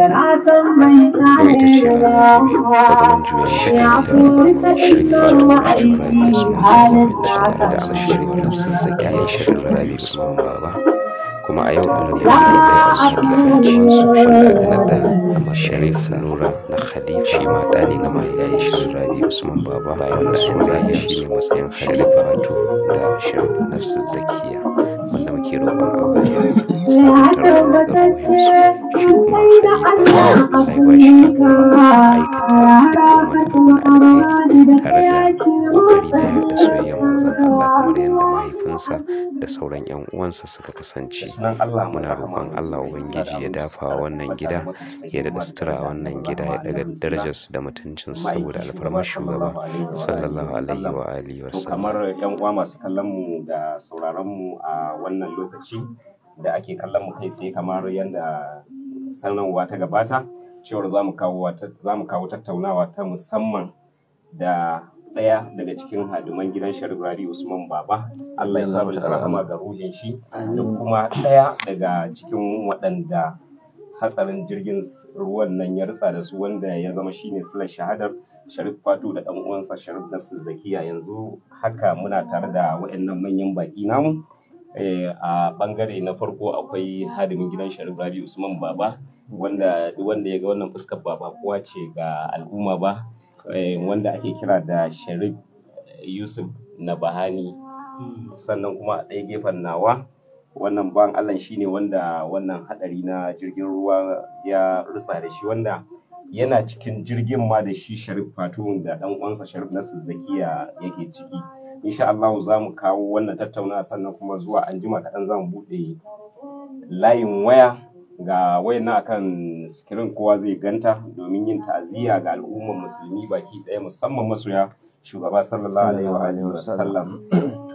ومن تشاء فزمن جواه شريف فاطمة شر اسمه واحد دعم الشر نفس الزكاة da mata ne ga mahayayi Usman Baba bayan da an zage matsayin Khalifa wato da Sharif Nafsu Zakiya wanda muke roƙon Allah ya sabatarwa da bayansu shi kuma hajji Allah ya ba shi aikata da alheri tare da da soyayyar manzon Allah kamar mahaifinsa da sauran 'yan uwansa suka kasance muna roƙon Allah ubangiji ya dafa wannan gida ya daɗa sutura wannan gida ya daga darajarsu da mutuncinsu saboda alfarmar shugaba sallallahu alaihi wa alihi kamar yan uwa masu kallon mu da sauraron mu a wannan lokaci da ake kallon mu kai sai kamar yadda sanarwa ta gabata cewar za mu kawo tattaunawa ta musamman da ɗaya daga cikin haduman gidan sharibari usman baba allah ya samu da rahama ga ruhin shi da kuma ɗaya daga cikin waɗanda hatsarin jirgin ruwan nan ya rusa da su wanda ya zama shine silar shahadar sharif fatu da ɗan uwansa sharif nafsu zakiya yanzu haka muna tare da waɗannan manyan baƙi namu Eh, a bangare na farko akwai hadimin gidan Sharif Rabi Usman Baba wanda wanda ya ga wannan fuskar baba kowa ce ga al'umma ba eh, wanda ake kira da Sharif Yusuf na Bahani sannan kuma a ɗaya gefen nawa wannan ban Allah ne wanda wannan hadari na jirgin ruwa ya rusa da shi wanda yana cikin jirgin ma da shi Sharif Fatuhu da ɗan uwansa Sharif Nasir Zakiya yake ciki insha Allah za mu kawo wannan tattauna sannan kuma zuwa anjima kaɗan za mu buɗe layin waya ga wayan akan sikirin kowa zai ganta domin yin ta'aziyya ga al'ummar musulmi baki ɗaya musamman masoya shugaba sallallahu alaihi wa alihi wasallam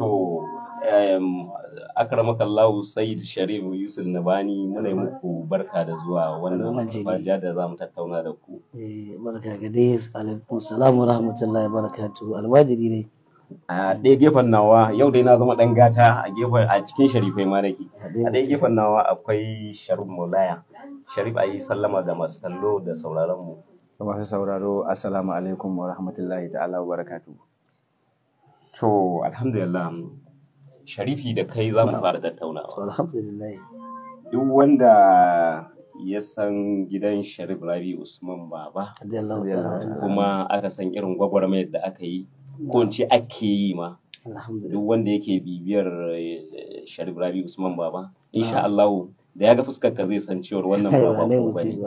to um, akramakallahu sayyid sharif yusuf nabani muna muku barka da zuwa wannan majiya da zamu tattauna da ku eh barka ga dai alaikum salam wa rahmatullahi wa barakatuh alwajiri ne a ɗaya gefen nawa yau dai na zama ɗan gata a gefen a cikin sharifai ma nake a ɗaya gefen nawa akwai sharif mulaya sharif a yi sallama da masu kallo da sauraron mu da masu sauraro assalamu alaikum wa rahmatullahi ta'ala wa barakatu to alhamdulillah sharifi da kai za mu fara tattaunawa alhamdulillah duk wanda ya san gidan sharif rabi usman baba kuma aka san irin gwagwarmayar da aka yi kunci ake yi ma duk wanda yake bibiyar eh, Sharif Rabi Usman Baba ah. insha Allah da ya ga fuskar ka zai san cewar wannan baba ba bane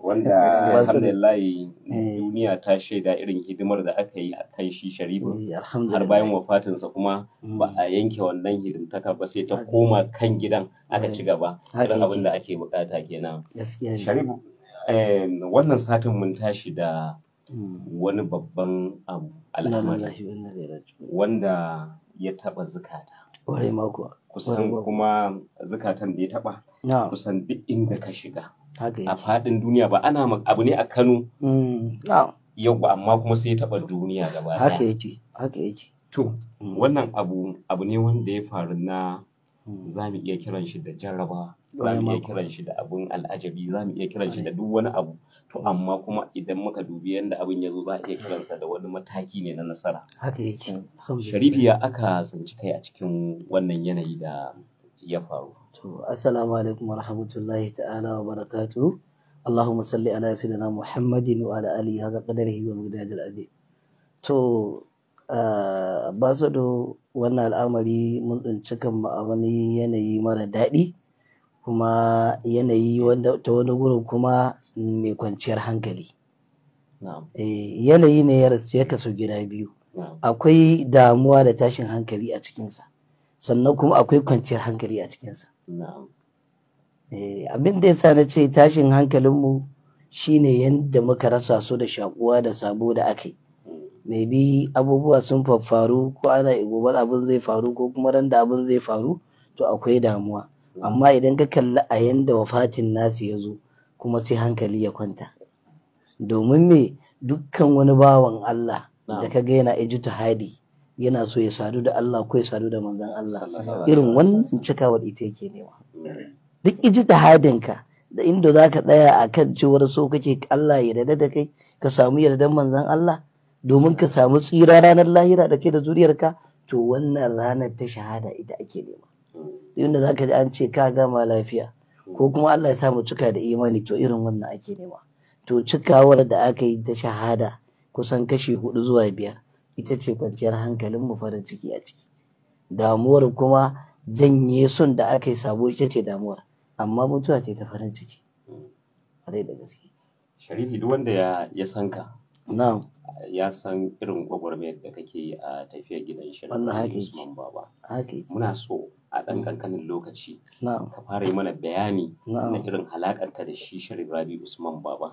wanda alhamdulillah eh. duniya ta shaida irin hidimar da aka yi a akan shi Sharifu eh, har bayan sa kuma mm. ba a yanke wannan hidimtaka ba sai ta koma kan gidan aka ci gaba irin abin da ake bukata kenan Sharifu wannan satin mun tashi da wani babban abu al'amari wanda ya taɓa zukata kusan kuma zukatan da ya taɓa kusan duk inda ka shiga a faɗin duniya ba ana abu ne a kano mm, yau amma kuma sai ya taɓa duniya gaba haka yake haka yake to mm. wannan abu abu ne wanda ya faru na mm. za mu iya kiran shi da jarraba za mu iya kiran shi da abun al'ajabi za mu iya kiran shi da duk wani abu to amma kuma idan muka dubi yadda abin ya zo za a iya kiransa da wani mataki ne na nasara haka yake sharifi ya aka tsinci kai a cikin wannan yanayi da ya faru to assalamu alaikum warahmatullahi ta'ala wa barakatu salli ala sayyidina Muhammadin wa ala alihi haka kadar قدره ومقدار العظيم to ba su da wannan al'amari mun tsinci kanmu a wani yanayi mara daɗi kuma yanayi wanda ta wani gurin kuma mai kwanciyar hankali eh, yanayi ne ya kasu gida biyu akwai damuwa da tashin hankali a cikinsa sannan kuma akwai kwanciyar hankali a cikinsa eh, abin da ya sa na ce tashin hankalinmu shine yadda muka rasa su da shakuwa da sabo da aka mai bi abubuwa sun faru ko ana igobar abin zai faru ko kuma ran da abin zai faru to akwai damuwa amma idan ka kalli a yanda wafatin nasu ya zo kuma sai hankali ya kwanta domin me dukkan wani bawan Allah da ka ga yana hadi yana so ya sadu da Allah ko ya sadu da manzon Allah irin wannan cikawar ita yake nema duk hadin ka da inda zaka tsaya akan cewar so kake Allah ya yarda da kai ka samu yardan manzon Allah domin ka samu tsira ranar lahira da kai da zuriyarka to wannan ranar ta shahada ita ake nema inda zaka ji an ce ka gama lafiya ko kuma Allah ya samu cika da imani to irin wannan ake nema to cikawar da aka yi ta shahada kusan kashi hudu zuwa biyar ita ce kwanciyar hankalin mu farin ciki a ciki damuwar kuma janye son da aka yi sabo ita ce damuwar amma mutuwa ce ta farin ciki hmm. da gaske sharifi duk wanda ya sanka. na'am ya san irin gwagwarmayar da kake yi a tafiyar gidan shirin na Usman Baba muna so a ɗan ƙanƙanin lokaci ka fara yi mana bayani na irin ka da shi shirin Rabi Usman Baba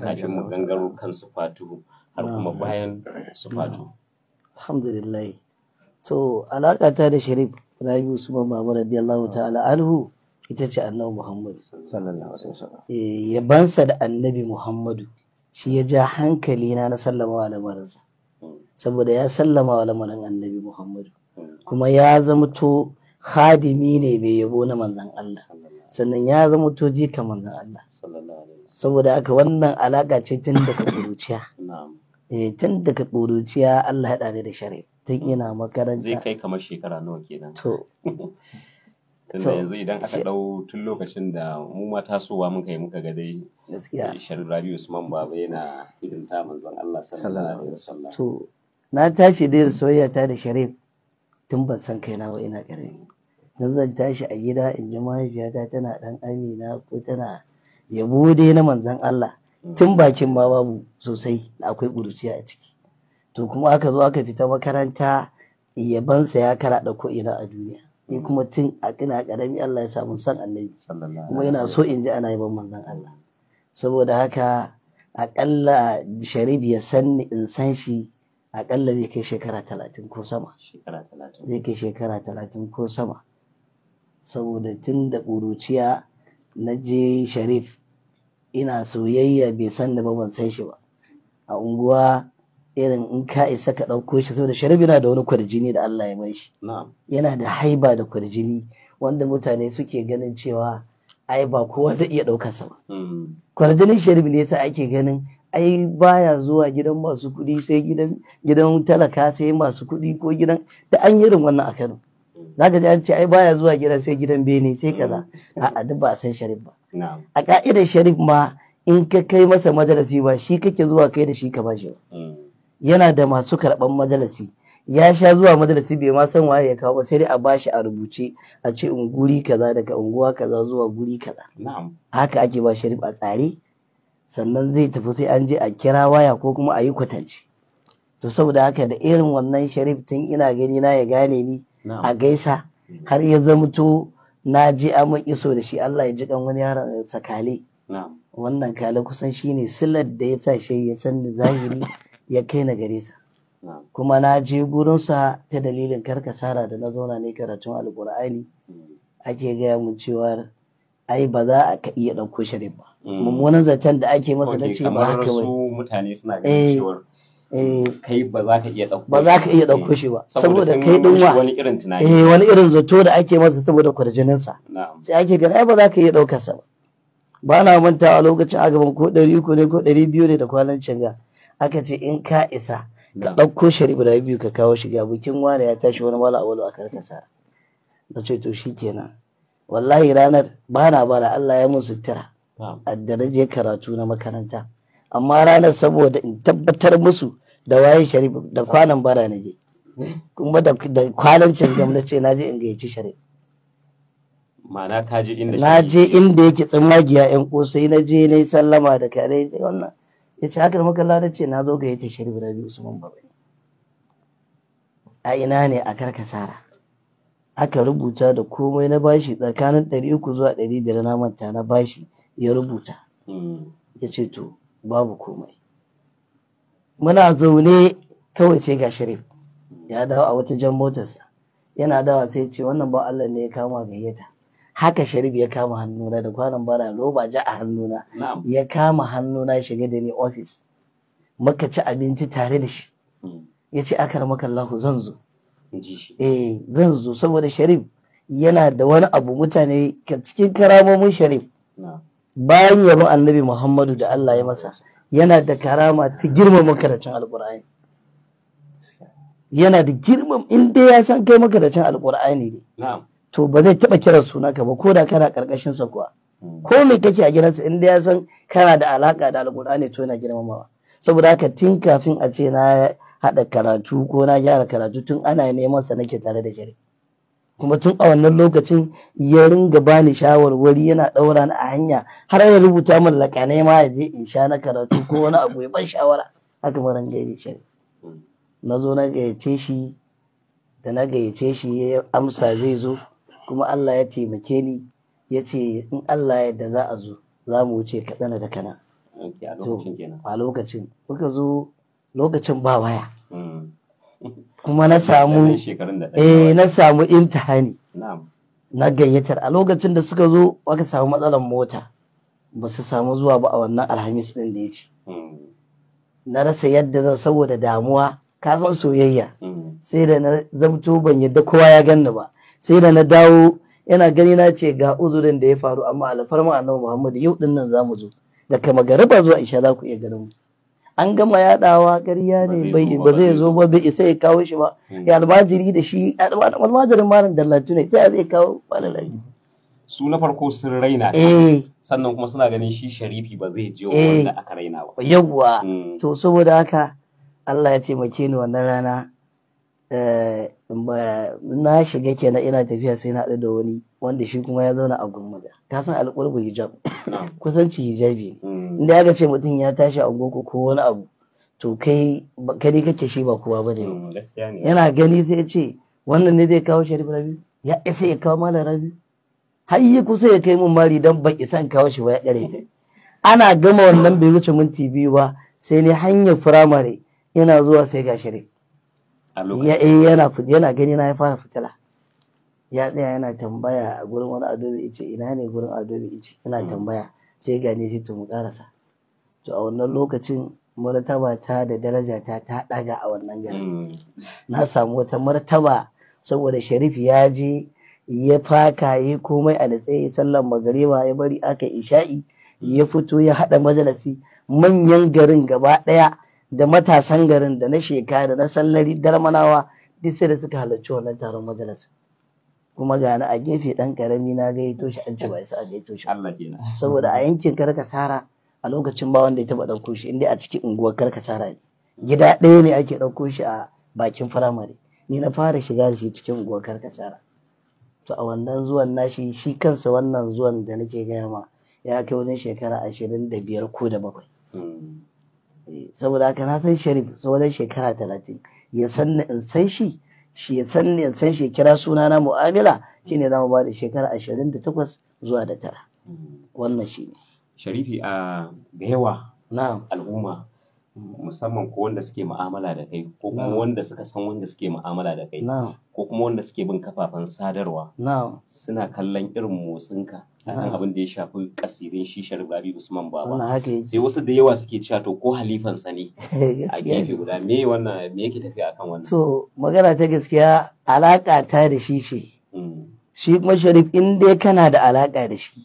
kafin mu gangaro kan su sufatu har kuma bayan su sufatu alhamdulillah to alaƙata da Sharif Rabi Usman Baba radiyallahu ta'ala alhu ita ce annabi Muhammadu. sallallahu alaihi wasallam eh, yabansa da annabi Muhammadu shi ya ja hankali na na sallama wa lamarinsa saboda ya sallama wa lamarin annabi muhammadu kuma ya zamto hadimi ne mai yabo na manzan Allah sannan ya to jika manzan Allah saboda aka wannan alaka ce tun daga ƙuruciya eh, tun daga ƙuruciya Allah ya ɗane da shari'a tun ina makaranta zai kai kamar shekara nawa kenan to tunda yanzu idan aka dau tun lokacin da mu ma tasowa muka yi muka ga dai gaskiya Shehu Rabi Usman Baba yana irin ta manzon Allah sallallahu alaihi wasallam to na tashi da soyayya ta da Sharif tun ban san kaina ba ina karami yanzu zan tashi a gida in ji mahaifiyata tana dan amina ko tana yabo dai na manzon Allah mm. tun bakin ma babu sosai akwai ƙuruciya a ciki to kuma aka zo aka fita makaranta yabansa ya karaɗa ko ina a duniya ni kuma tun a kina karami Allah ya samu san annabi kuma yana so in ji ana ban manzon Allah saboda haka akalla sharif ya san in san shi akalla zai kai shekara talatin ko sama zai kai shekara talatin ko sama saboda tun da ƙuruciya na je sharif ina soyayya bai san da ban san shi ba a unguwa irin in ka isa ka ɗauko shi saboda sharabi yana da wani kwarjini da Allah ya mai shi yana da haiba da kwarjini wanda mutane suke ganin cewa ai ba kowa zai iya ɗauka sa ba hmm. kwarjinin sharif ne yasa ake ganin ai baya zuwa gidan masu kuɗi sai gidan gidan talaka sai masu kuɗi ko gidan da an yi irin wannan a Kano hmm. ka ji an ce ai baya zuwa gidan sai gidan bene sai kaza hmm. a'a duk ba a san sharif ba a ka'idar sharif ma in ka kai masa madarasi ba shi kake zuwa kai da shi ka bashi ba yana da masu karɓan majalisi ya sha zuwa majalisi bai ma san waye ya kawo ba sai dai a bashi a rubuce a ce unguri kaza daga unguwa kaza zuwa guri kaza haka ake ba sharif a tsare sannan zai tafi sai an je a kira waya ko kuma a yi kwatance to saboda haka da irin wannan sharif tun ina gani na ya gane ni a gaisa har ya zamto na je amin iso da shi Allah ya ji kan wani yaron sakale wannan kale kusan shine silar da ya sa shi ya san zahiri ya kai na gare sa kuma na je gurinsa ta dalilin karkasara da na zauna ne karatun alkur'ani hmm. ake gaya mun cewa ai ba za a ka iya ɗauko shi ba hmm. mummunan zaton da ake masa na ce ba haka wai mutane suna ganin eh, cewa eh. kai ba za ka iya ɗauko ba za ka iya eh. ɗauko shi ba saboda kai din wa wani irin tunani eh wani irin zato da ake masa saboda kurjinin sa sai ake ga ai ba za ka iya ɗauka sa ba ba na mantawa lokacin a gaban ko ɗari ko ne ko ɗari biyu ne da kwanan canga aka ce in ka isa ka ɗauko shari guda biyu ka kawo shi ga bikin wani ya tashi wani mala awalu a sa na ce to shikenan wallahi ranar ba na bara Allah ya mun sutura da na je karatu na makaranta amma ranar saboda in tabbatar musu da waye sharif da kwanan bara na je kuma da kwanan can na ce na je in gayyaci sharif ma'ana ta je inda na je inda yake tsammagiya yan kosai na je na yi sallama da kare wannan ya ce haka makalla na ce na zo ga yake shari'a su usman babai a ina ne a karkasara aka rubuta da komai na bashi tsakanin ɗari uku zuwa ɗari biyar na manta na bashi ya rubuta ya ce to babu komai muna zaune kawai sai ga sharif ya dawo a wata jan motarsa yana dawa sai ce wannan ba Allah ne ya kama gayyata haka sharif ya kama hannuna da kwanan bara roba ja a hannuna ya kama hannuna ya shiga da ni ofis muka ci abinci tare da shi hmm. ya ce akar makallahu zan zo eh zan zo saboda sharif yana da wani abu mutane cikin karamomin sharif bayan yabon annabi muhammadu da allah ya masa yana da karama ta girma makaracin alkur'ani yana da girma inda ya san kai makaracin alkur'ani ne to ba zai taɓa kiran suna ka ba ko da kana karkashin sa kuwa hmm. ko me kake a gidansa inda ya san kana da alaka da alqur'ani to yana girmamawa saboda haka tun kafin a ce na haɗa karatu ko na gyara karatu tun ana neman sa nake tare da jari kuma tun a wannan lokacin ya ringa bani shawarwari yana ɗaura ni a hanya har ya rubuta min laƙanai ma ya je in sha na karatu ko wani abu ya ban shawara haka maran gari shi hmm. na zo na gayyace shi da na gayyace shi ya amsa zai zo kuma Allah ya taimake ni ya ce in Allah yadda za a zo za mu wuce kaɗana da kana a lokacin kuka zo lokacin ba waya hmm. kuma na samu eh na samu imtihani na gayyatar a lokacin da suka zo aka samu matsalar mota ba su samu zuwa ba a wannan alhamis ɗin da ya ce hmm. na rasa yadda zan saboda damuwa ka san soyayya hmm. sai da na zamto ban yadda kowa ya ganni ba sai da na dawo yana gani na ce ga uzurin da ya faru amma alfarma annabi Muhammad yau din nan zamu zo Da daga magariba zuwa insha za ku iya ganin mu an gama yaɗawa ƙarya ne bai ba zai zo ba bai sai ya kawo shi ba hmm. ya albajiri da shi almajirin malam dallatu ne sai zai kawo malam su na farko sun raina eh. sannan kuma suna ganin shi sharifi ba zai je eh. wanda aka raina ba yawwa hmm. to saboda haka Allah ya taimake ni wannan rana Eh, na shiga kenan ina tafiya sai na haɗu da wani wanda shi kuma ya zauna a gurmaga ka san alƙurbu hijab kusanci hijabi mm. inda ya ce mutum ya tashi a goko ko wani abu to kai kai kake shi ba kowa mm, ne yana gani sai ya ce wannan ne zai kawo sharif rabi ya isa ya kawo malam rabi har yi kusa ya kai mun mari don ban isa in kawo shi ba ya ɗare. ana gama wannan bai wuce minti biyu ba sai ne hanyar firamare ina zuwa sai ga sharif Eh, yana yana gani na ya fara fitila ya tsaya yana tambaya a gurin wani ado bai ice ina ne gurin ado ice ina hmm. tambaya sai gane shi to mu karasa to a wannan lokacin martaba ta da daraja ta ta daga a wannan garin hmm. na samu wata martaba saboda sharif ya je ya faka ya komai a natsaye sallan magariba ya bari aka isha'i ya hmm. fito ya haɗa majalasi. manyan garin gaba ɗaya da matasan garin da na shekara da na sallari darmanawa duk sai da suka halarci wannan taron majalisa kuma ga a gefe dan karami na gaito shi an ce ba sa a gaito shi Allah kenan saboda a yankin karkasara a lokacin ba wanda ya taba dauko shi inda a cikin unguwar karkasara ne gida ɗaya ne ake dauko shi a bakin firamare ni na fara shiga shi cikin unguwar karkasara to a wannan zuwan nashi shi kansa wannan zuwan da nake gaya ma ya kai wajen shekara ashirin da biyar ko da bakwai hmm. saboda haka na san sharif wajen shekara talatin ya san ni in san shi shi ya san ni in san shi kira suna na mu'amala shine za mu ba da shekara ashirin da takwas zuwa da tara mm-hmm. wannan shi ne sharifi a da yawa na al'umma musamman ko wanda suke mu'amala da kai ko kuma wanda suka san wanda suke mu'amala da kai ko kuma wanda suke bin kafafen sadarwa suna kallon irin motsinka akan abin da ya shafi kasirin shi sharbabi usman baba sai wasu da yawa suke cewa to ko sa ne a gefe guda me wannan me yake tafiya akan wannan to magana ta gaskiya alaka ta da shi ce hmm. shi kuma sharif in dai kana da alaka da shi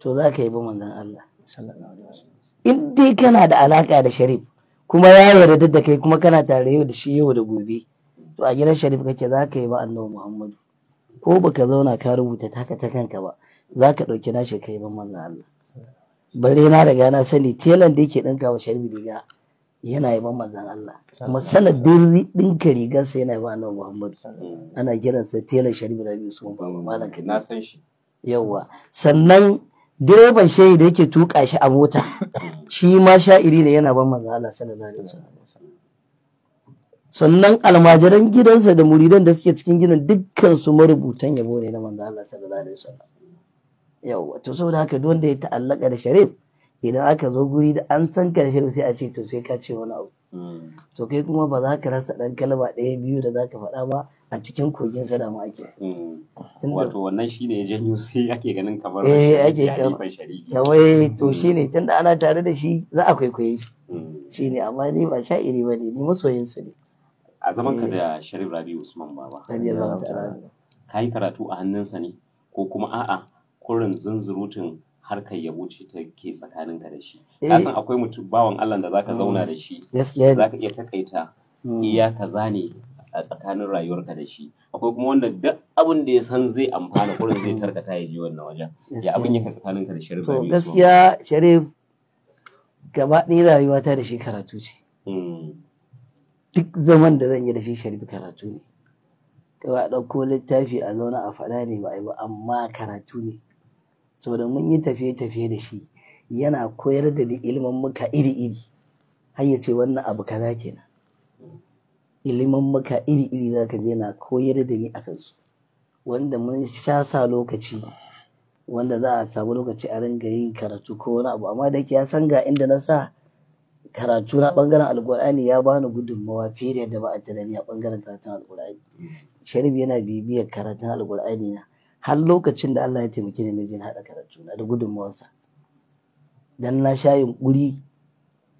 to za ka yi bi manzon Allah in dai kana da alaka da sharif kuma ya yarda da kai kuma kana tare yau da shi yau da gobe to a gidan sharif kake za ka yi ba annabi muhammadu ko baka zauna ka rubuta taka ta kanka ba za ka ɗauki nashi kai ban manzan Allah bare na riga na sani telan da yake ɗinka wa sharif riga yana yi ban manzan Allah kuma sanadin ɗinka rigarsa yana yi ba annabi muhammadu ana kiransa telan sharif da yusuf ba malaka na san shi yawwa sannan direban shayi da yake tuka shi a mota shi ma sha'iri ne yana ban manzo Allah sallallahu alaihi sannan almajiran gidansa da muridan da suke cikin ginin dukkan su marubutan yabo ne na manzo Allah sallallahu alaihi wasallam yawa to saboda haka duk wanda ya ta'allaka da sharif idan aka zo guri da an san ka da sharif sai a ce to sai ka ce wani abu hmm. to kai kuma ba za ka rasa dan kalma ɗaya biyu da za ka faɗa ba a cikin kogin salama ake. Mm. Wato wannan shi ne ya janyo sai ake ganin kamar eh ake kawai to mm. shi ne da ana tare da shi za a kwaikwaye shi. Mm. ne amma ni ba sha'iri ba ne ni masoyin su ne. A zaman ka eh. da Sharif Rabi Usman Baba. Ka yi karatu a hannunsa ne ko kuma a'a kurin zunzurutun harkar yabo ce ta ke tsakaninka da shi. Ka eh. san akwai mutum bawan Allah da zaka zauna da shi. za Zaka iya takaita iya kaza ne a tsakanin rayuwarka da shi akwai kuma wanda duk abin da ya san zai amfana kurin zai tarkata ya je wannan wajen ya abin yake tsakaninka da sharif to gaskiya sharif gaba ɗaya rayuwata da shi karatu ce hmm. duk zaman da zan yi da shi sharif karatu ne kawai ɗauko littafi a zauna a faɗa ne ba ba amma karatu ne saboda mun yi tafiye-tafiye da shi yana koyar da ni ilimin muka iri-iri har ya ce wannan abu kaza kenan maka iri-iri za ka je na koyar da ni a kansu wanda mun sha sa lokaci wanda za a samu lokaci a ringa yin karatu ko wani abu amma da ya san ga inda na sa karatu na bangaren alkur'ani ya bani gudunmawa fiye da ba a ni a bangaren karatun alkur'ani sharif yana bibiyar karatun alkur'ani na har lokacin da Allah ya taimake ni na haɗa karatu na da gudunmawarsa dan na sha yunƙuri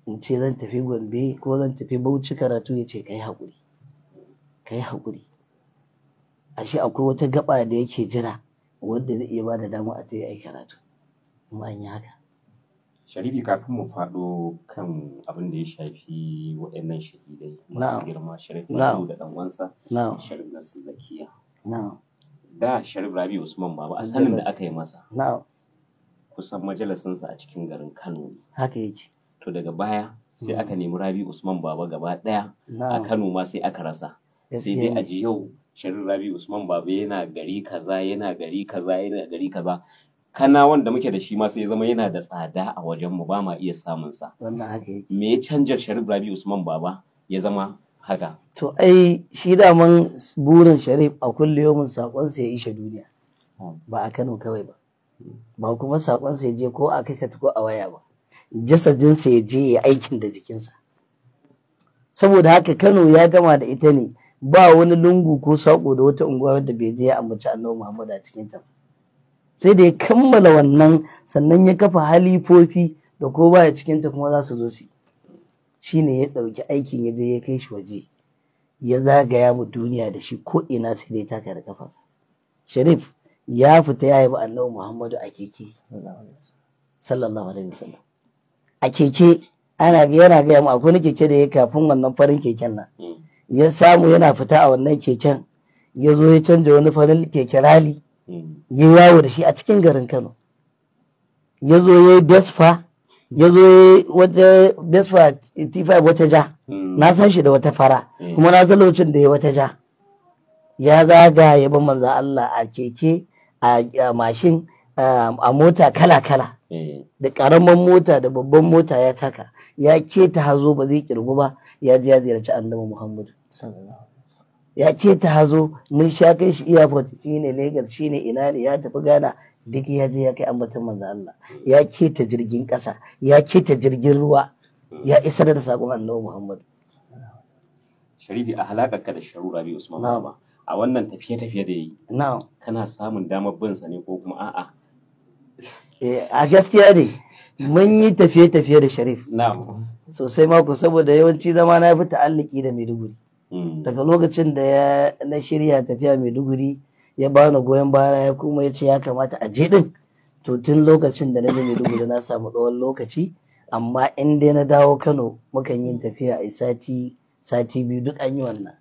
in ce zan tafi gombe ko zan tafi bauchi karatu ya ce kai haƙuri kai haƙuri ashe akwai wata gaba da yake jira wanda zai iya bada dama a ta yi karatu kuma an yi haka sharifi kafin mu faɗo kan abin da ya shafi waɗannan shahidai masu girma sharif da ɗan wansa sharif su zakiya da sharif rabi usman baba asalin da aka yi masa kusan majalisinsa a cikin garin kano haka yake to daga baya sai hmm. aka nemi rabi usman baba gaba daya a kano ma sai aka rasa sai dai a ji yau shirin rabi usman baba yana gari kaza yana gari kaza yana gari kaza kana wanda muke da shi ma sai zama yana da tsada a wajen mu ba ma iya samun sa me ya canja sharif rabi usman baba ya zama haka to ai shi da daman burin sharif a kulle yawmin sakon sa ya isha duniya hmm. ba a Kano kawai ba hmm. ba kuma sakon sa ya je ko a kaset ko a waya ba jasadinsa ya je ya aikin da jikinsa saboda haka kano ya gama da ita ne ba wani lungu ko saƙo da wata unguwa wadda bai je ya ambaci annabi muhammad a cikin ta sai da ya kammala wannan sannan ya kafa halifofi da ko ya cikin ta kuma za su zo su shi ne ya ɗauki aikin ya je ya kai shi waje ya zagaya mu duniya da shi ko ina sai dai taka da kafarsa sharif ya fita ya yi ba annabi muhammadu a keke sallallahu alaihi wasallam a keke ana yana gaya mu akwai keke da ya kafin wannan farin keken nan hmm. ya samu yana fita a wannan keken ya zo ya canja wani farin keke rali hmm. ya yawo da shi a cikin garin kano ya zo ya yi besfa ya zo ya wata besfa t wata ja hmm. na san shi da wata fara kuma na san lokacin da ya wata ja ya zaga ya ban manzo Allah a keke a mashin a mota kala-kala Eh. da karamin mota da babban mota ya taka ya keta hazo ba zai kirgu ba ya ji ya ziyarci annabi muhammadu ya keta hazo mun sha kai shi airport shine lagos ne ina ne ya tafi ghana duk ya je ya kai ambaton manzo Allah ya keta jirgin ƙasa ya keta jirgin ruwa ya isa da sakon annabi muhammadu sharifi a halakar ka da sharura rabi usman a wannan tafiye-tafiye da yi kana samun damar bin sa ne ko kuma a'a Eh, a gaskiya ne mun yi tafiye-tafiye da sharif sosai mako saboda yawanci zama na fi ta'alliki da maiduguri hmm. daga lokacin da na shirya tafiya maiduguri ya bani goyon baya ya kuma ya ce ya kamata a je din to tun lokacin da na je maiduguri na samu tsawon lokaci amma in dai na dawo kano mukan yi tafiya a sati sati biyu duk an yi wannan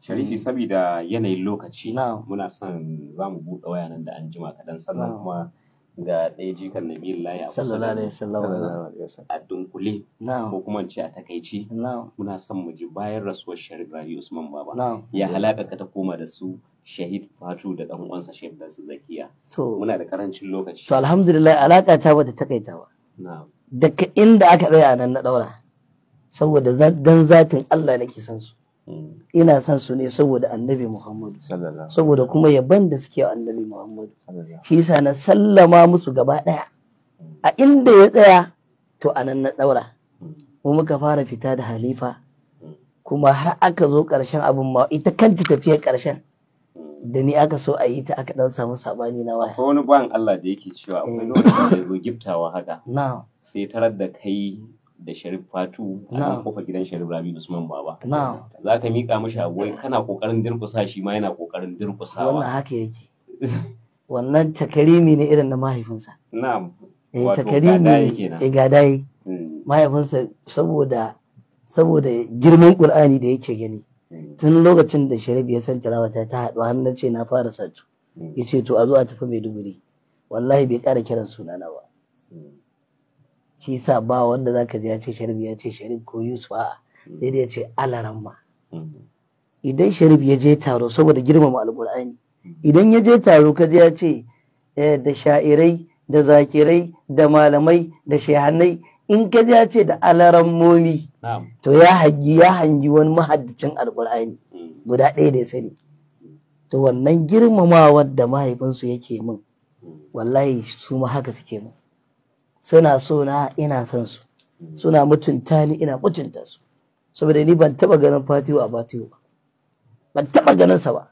sharifi hmm. saboda yanayin lokaci muna son za mu buɗe wayanan da an jima kaɗan sannan kuma ga ɗaya jikan biyun laya a sallallahu da a dunkule ko kuma ce a takaici muna son mu ji bayan rasuwar sharif rabi usman baba ya halaka ka ta koma da su shahid fatu da ɗan uwansa shahid da su zakiya muna da karancin lokaci to alhamdulillah alaka ta bata takaita ba daga inda aka tsaya nan na ɗaura. saboda dan zatin Allah nake son su Mm. ina son su ne saboda annabi muhammadu saboda kuma yaban da suke wa annabi muhammadu shi yasa na sallama musu gaba daya mm. a inda ya tsaya to a nan na daura mm. mu muka fara fita da halifa kuma har aka zo karshen abin ma ita kanta tafiyar karshen da ni aka so a yi ta aka dan samu sabani na waya wani ban Allah da yake cewa akwai lokacin da ya giftawa haka sai tarar da kai da Sharif Fatu a kofar gidan Sharif Rabi Usman Baba. Za ka miƙa mashi wai kana ƙoƙarin durƙusa shi ma yana ƙoƙarin durƙusa. Wannan haka yake. Wannan takarimi ne irin na mahaifinsa. Na'am. Eh takarimi ne. ga eh, gadayi. Hmm. Mahaifinsa saboda saboda girman Qur'ani da yake gani. Hmm. Tun lokacin da Sharif ya san tilawata ta haɗu har ce na fara sa hmm. Ya ce to a zo a tafi Maiduguri. Wallahi bai ƙara kiran sunana ba. shi yasa ba wanda zaka ji ya ce sharif ya ce sharif ko yusuf a sai dai ya ce alaramma mm-hmm. idan sharif ya je taro saboda girmama alkur'ani idan ya je taro ka ji ya ce eh, da sha'irai da zakirai da malamai da shehannai in ka ji ya ce da alarammomi to ya hangi ya hangi wani mahaddicin alkur'ani guda ɗaya da ya sani to wannan girmamawa da mahaifinsu yake min mm-hmm. wallahi su ma haka suke min suna so na ina son su suna mutunta ni ina mutunta su saboda ni ban taba ganin fatiwa a fatiyo ba ban taba ganin sa ba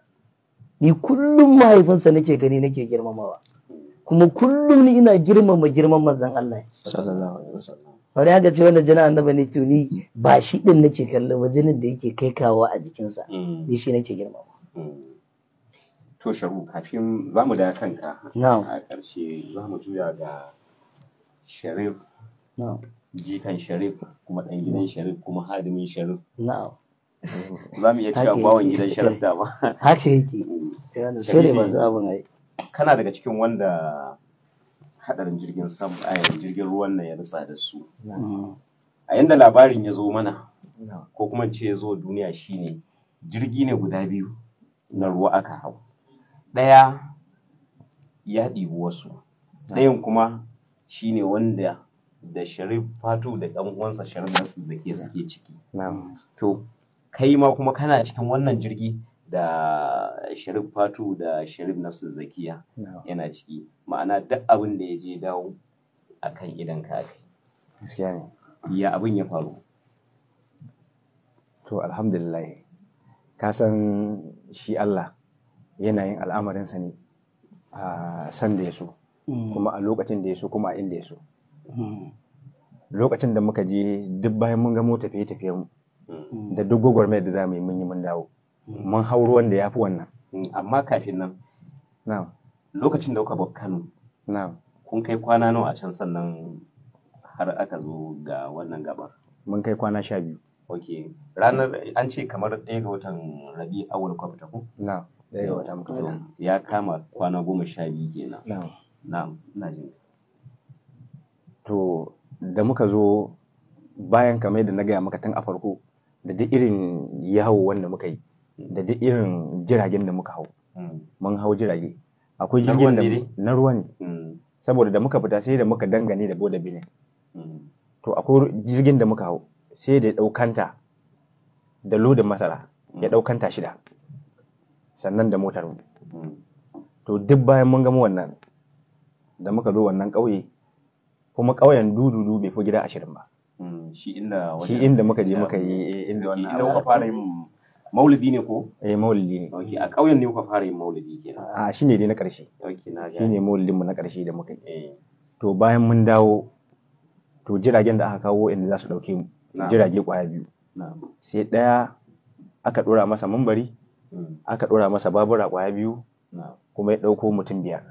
ni kullum mahaifinsa nake gani nake girmamawa kuma kullum ni ina girmama girman manzon Allah sallallahu alaihi wasallam bari haka ce wanda jinin annaba ne to ni ba shi din nake kallo ba jinin da yake kai kawo a jikin sa, mm. ni shi nake girmama mm. to sharu kafin zamu da kanka a ƙarshe zamu juya ga sharif jikan sharif kuma ɗan gidan sharif kuma hadimin sharif za mu iya cewa bawan gidan sharif da ba haka yake so ne manzo abin ai kana daga cikin wanda hadarin jirgin samu a jirgin ruwan nan ya nutsa da su a yadda labarin ya zo mana ko kuma ce ya zo duniya shine jirgi ne guda biyu na ruwa aka hau ɗaya ya ɗibi wasu ɗayan kuma shine wanda da sharif fatu da ɗan uwansa sharif da ke suke ciki to kai ma kuma kana cikin wannan jirgi da sharif fatu da sharif nafsu zakiya yana ciki ma'ana duk abin da ya je dawo a kan idan ka kai ya abin ya faru to alhamdulillah ka san shi Allah yana yin al'amarinsa ne a ah, san da ya so Hmm. kuma a lokacin da ya so kuma a inda ya so hmm. lokacin da muka je duk bayan mun gamo tafiye tafiye hmm. da duk mai da za mu yi mun yi mun dawo mun hauro wanda ya fi wannan amma kafin nan lokacin da kuka bar Kano kun kai kwana nawa a can sannan har aka zo ga wannan gabar mun kai kwana sha biyu ok ranar an ce kamar ɗaya ga watan rabi awal kwafta ko na ɗaya ga wata muka ya kama kwana goma sha biyu kenan na na'am to da muka zo bayan kamar yadda na gaya maka tun a farko da duk irin yawo wanda muka yi da duk irin jiragen da muka hau hmm. mun hau jirage akwai jirgin da na ruwa ne hmm. saboda da muka fita sai da muka dangane da boda bine hmm. to akwai jirgin da muka hau sai da ya ɗaukanta, da lodin masara ya ɗaukanta shida sannan da motar to duk bayan mun gama wannan da muka zo wannan ƙauye kuma ƙauyen dududu bai fi gida ashirin ba mm, shi inda muka je muka yi inda wannan abu fara yin maulidi ne ko eh maulidi ne a ƙauyen ne kuka fara yin maulidi kenan a ah, shine dai na ƙarshe okay na ga shine maulidin na ƙarshe da muka yi eh. to bayan mun dawo to jiragen da aka kawo inda za su ɗauke mu jirage ƙwaya biyu sai ɗaya aka ɗora masa mambari mm. aka ɗora masa babura ƙwaya biyu kuma ya ɗauko mutum biyar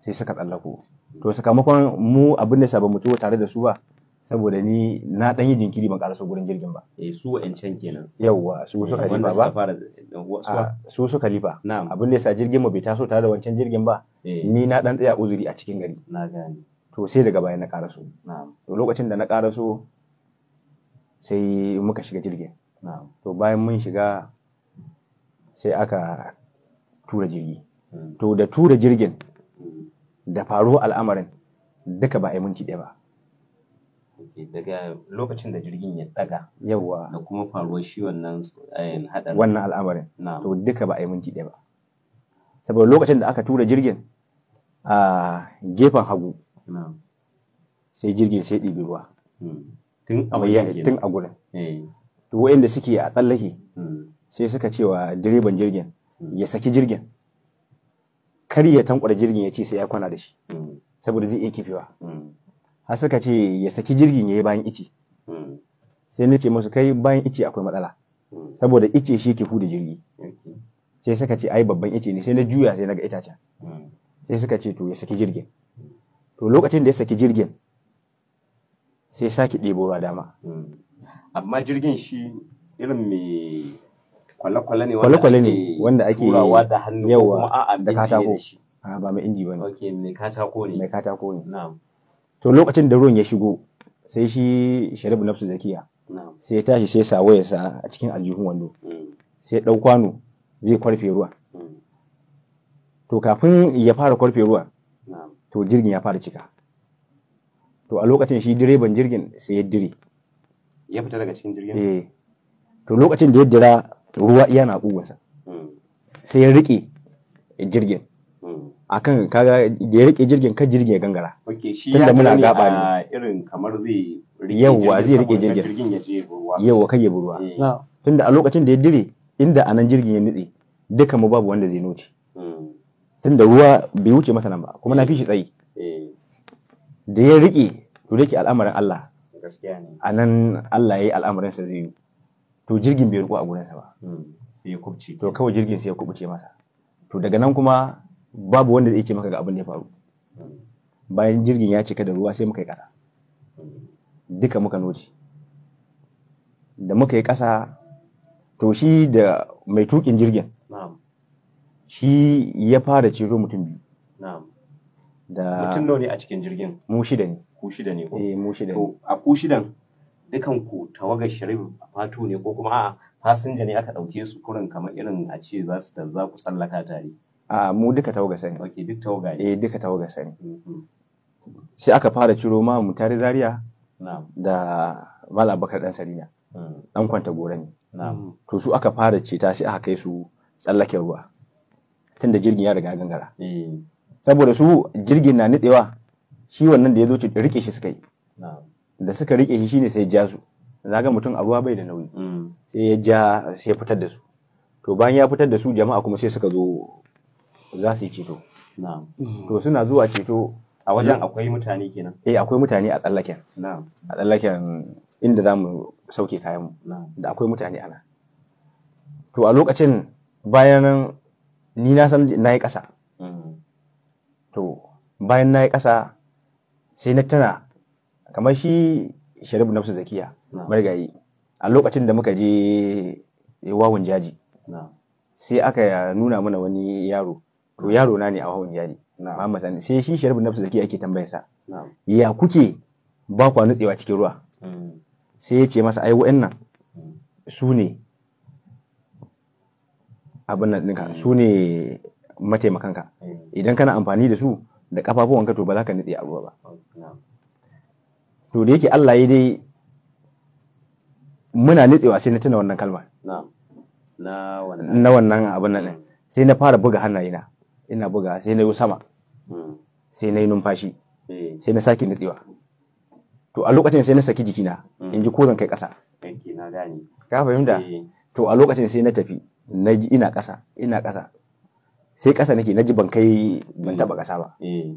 sai suka tsallako to sakamakon mu abin da sabon mutuwa tare da su ba saboda ni na dan yi jinkiri ban karasa gurin jirgin ba eh su wa'ancan kenan yawwa su eh, ka lifa ba ah, su suka lifa abin da yasa jirgin mu bai taso tare da wancan jirgin ba eh. ni na dan tsaya uzuri a cikin gari na gani to sai daga baya na karaso to lokacin da na karaso sai muka shiga jirgin to bayan mun shiga sai aka tura jirgi hmm. to da tura jirgin da faruwa al'amarin duka ba a yi minti ɗaya ba daga lokacin da jirgin ya daga yawa da kuma faruwar shi wannan eh, hadarin wannan al'amarin to duka ba a yi minti ɗaya ba saboda lokacin da aka tura jirgin a gefen hagu sai jirgin sai ɗibi ruwa hmm. tun a gurin eh. to wa'inda suke a tsallake hmm. sai suka cewa direban jirgin hmm. ya saki jirgin kar ya tankwara jirgin ya ce sai ya kwana da shi saboda zai iya kifewa har suka ce ya saki jirgin ya yi bayan ice sai na ce musu kai bayan ice akwai matsala saboda ice shi ke huda jirgi sai suka ce ai babban ice ne sai na juya sai na ga itacen sai suka ce to ya saki jirgin to lokacin da ya saki jirgin sai sake ɗebo ruwa dama amma jirgin shi irin mai kwale-kwale ne kwale-kwale wanda ake turawa da hannu ko kuma a'a da katako a ah, ba mai inji bane okay mai katako ne mai katako ne na'am to lokacin da ruwan ya shigo sai shi sharibu nafsu zakiya sai ya tashi sai sawo ya sa a cikin aljihun wando mm. sai ɗau kwano zai kwarfe ruwa mm. to kafin ya fara kwarfe ruwa to jirgin ya fara cika to a lokacin shi direban jirgin sai ya dire ya fita daga cikin jirgin eh to lokacin da ya dira ruwa iya na kugunsa sai ya riƙe jirgin hmm. akan kaga da ya riƙe jirgin kan jirgin ya gangara tunda muna gaba ne irin kamar zai yawwa zai riƙe jirgin yawwa kai ya ruwa eh. tunda a lokacin da ya dire inda anan jirgin ya nutse duka mu babu wanda zai tun hmm. tunda ruwa bai wuce masa nan ba kuma na fi shi tsayi eh. da ya riƙe, to riƙe al'amarin Allah a nan Allah ya yi al'amarin sa zai yi to jirgin bai ruwa a gurinsa ba hmm. sai ya kubce to kawai jirgin sai ya kubuce masa to daga nan kuma babu wanda zai ce maka ga abin da ya faru hmm. bayan jirgin ya cika da ruwa sai muka yi kasa. Hmm. duka muka noci da muka yi ƙasa to shi da mai tukin jirgin shi ya fara ciro mutum biyu da mutum nawa ne a cikin jirgin mu shida ne ku shida ne ko eh mu shida ne to a ku shidan dukan ku tawagar a fatu ne ko kuma a'a fasinja ne aka ɗauke su kurin kamar irin a ce za su za ku tsallaka tare a mu duka tawaga sani okay duk tawaga eh duka tawaga sani mm, mm. sai aka fara ciro ma mu tare zaria da mal abakar dan sarina mm. dan kwanta gora ne to su aka fara ceta sai aka kai su tsallake ruwa tunda jirgin ya riga gangara eh. saboda su jirgin na nitsewa shi wannan da ya zo rike shi suka yi da suka rike shi shine sai ja su zaga mutum a ruwa bai da nauyi mm. sai ya ja sai ya fitar da su to bayan ya fitar da su jama'a kuma sai suka zo za su yi ceto to suna zuwa ceto a wajen akwai mutane kenan eh akwai mutane a tsallaken a tsallaken inda za mu sauke kayan mu da akwai mutane ana to a lokacin bayan ni na san na yi ƙasa mm. to bayan na yi ƙasa sai na tana kamar shi sharibu nafsu zakiya marigayi a lokacin da muka je wawun jaji sai aka nuna mana wani yaro to yaro na ne a wawun jaji sai shi sharibu nafsu zakiya ake tambayar sa ya kuke ba kwa nutsewa cikin ruwa mm. sai ya ce masa ai wa'annan mm. su ne abin nan ɗinka su ne mataimakanka mm. idan kana amfani da su da kafafuwanka to ba za ka nutse a ba to da yake Allah ya dai muna nitsewa sai na tuna wannan kalma na wannan abin nan sai na fara buga hannayena ina buga sai na yi sama hmm. sai na yi numfashi eh. sai na sake nitsewa to a lokacin sai na saki jikina hmm. in ji ko kai ƙasa ka fahimta eh. to a lokacin sai na tafi na ji ina ƙasa ina ƙasa sai ƙasa nake na ji ban kai ban taɓa ƙasa ba eh.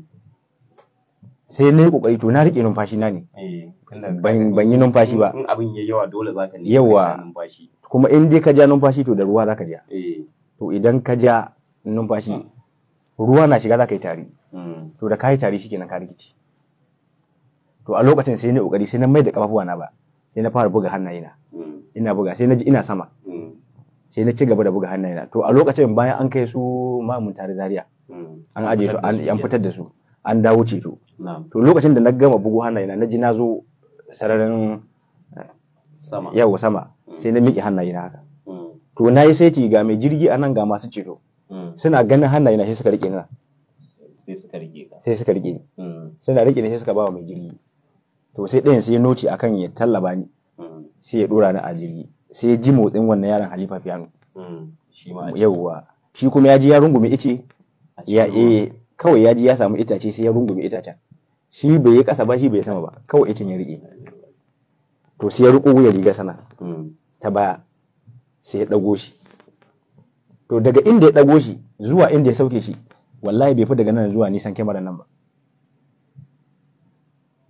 sai na yi kokari to na rike numfashi na ne eh, ban yi numfashi ba in abin ya yawa dole za ka ne yawa kuma in dai ka ja numfashi to da ruwa za ka ja eh. to idan ka ja numfashi ruwa na shiga za ka yi tari hmm. to da ka yi tari shikenan ka rikici to a lokacin sai na yi kokari sai na mai da kafafuwa na ba sai na fara buga hannayena hmm. ina buga sai na ji ina sama hmm. sai na ci gaba da buga hannayena to a lokacin bayan an kai su mamun tare zaria an aje su an fitar da su an dawo ceto to lokacin da na gama bugu hannayena na ji na zo sararin yau sama mm. sai na miƙe hannayena haka mm. to na yi saiti ga mai jirgi a nan ga masu ceto mm. suna ganin hannayena sai suka rike na sai suka rike ni suna rike ni sai suka ba mai jirgi to sai ɗayan sai noci akan ya tallaba ni sai ya ɗora ni a jirgi sai ya ji motsin wannan yaron Halifa Yau yawwa shi kuma ya ji ya rungume ice ya eh kawai ya ji ya samu itace sai ya rungume itacen shi bai yi ƙasa ba shi bai sama ba kawai itin ya riƙe to sai ya riƙo wuya riga sana hmm. ta baya sai ya dago shi to daga inda ya dago shi zuwa inda ya sauke shi wallahi bai fi daga nan zuwa nisan kemara nan ba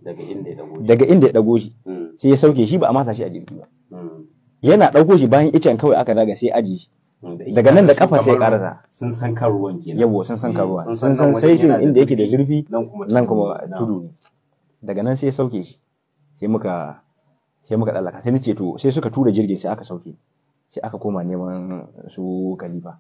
daga inda ya dago shi hmm. sai ya sauke shi ba a masa shi a jirgi ba hmm. yana ɗauko shi bayan itacen kawai aka zaga sai aji shi daga nan da kafa sai karasa sun san kan ruwan kenan yabo sun san kan eh, ruwan sun san saitin inda yake da zurfi nan kuma tudu ne daga nan sai sauke shi sai muka sai muka tsallaka sai nace to sai suka tura jirgin sai aka sauke sai aka koma neman su kalifa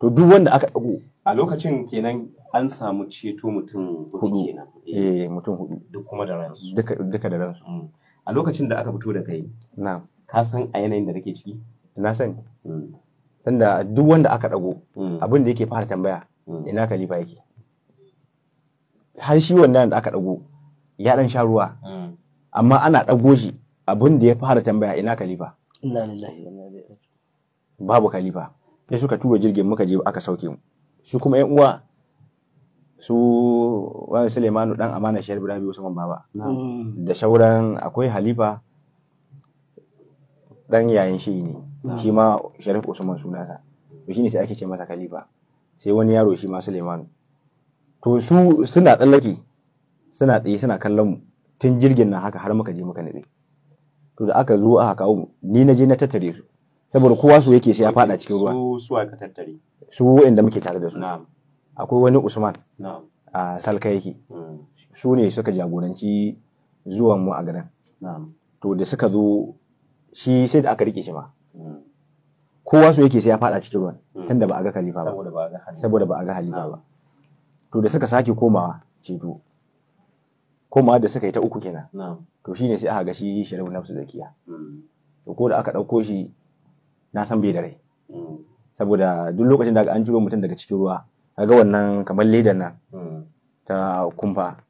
to duk wanda aka dago a lokacin kenan an samu ceto mutum hudu kenan eh, eh mutum hudu duk kuma da ransu duka duka da ransu mm. a lokacin da aka fito da kai na'am ka san a yanayin da nake ciki na sani mm. tunda duk wanda aka dago mm. abin da yake fara tambaya mm. ina kalifa yake har shi wannan da aka dago ya dan sha ruwa mm. amma ana ɗago shi abin da ya fara tambaya ina kalifa babu kalifa sai suka tura jirgin muka je aka sauke mu su kuma yan uwa su wani Sulemanu dan amana shehu Ibrahim Usman Baba da shauran akwai Halifa dan yayin shi ne shi ma sharif usman sunansa to shine sai ake ce masa khalifa sai wani yaro shi ma suleiman to su suna tsallake suna tsaye suna kallon mu tun jirgin nan haka har muka je muka nabe to da aka zo aka kawo ni na je na tattare su saboda kowa su yake sai ya fada cikin ruwa su su aka tattare su inda muke tare da su akwai wani usman a salka yake hmm. su ne suka jagoranci zuwan mu a garin to da suka zo shi sai da aka rike shi ma hmm. kowa so yake sai ya fada cikin ruwan hmm. tanda ba a ga khalifa ba saboda ba a ga khalifa ba to da suka sake komawa ceto komawa da suka yi ta uku kenan to shine sai aka ga shi sharifu nafsu zakiya hmm. to ko da aka dauko shi na san bai da rai saboda duk lokacin da an jiro mutum daga cikin ruwa kaga wannan kamar ledan nan ta kumfa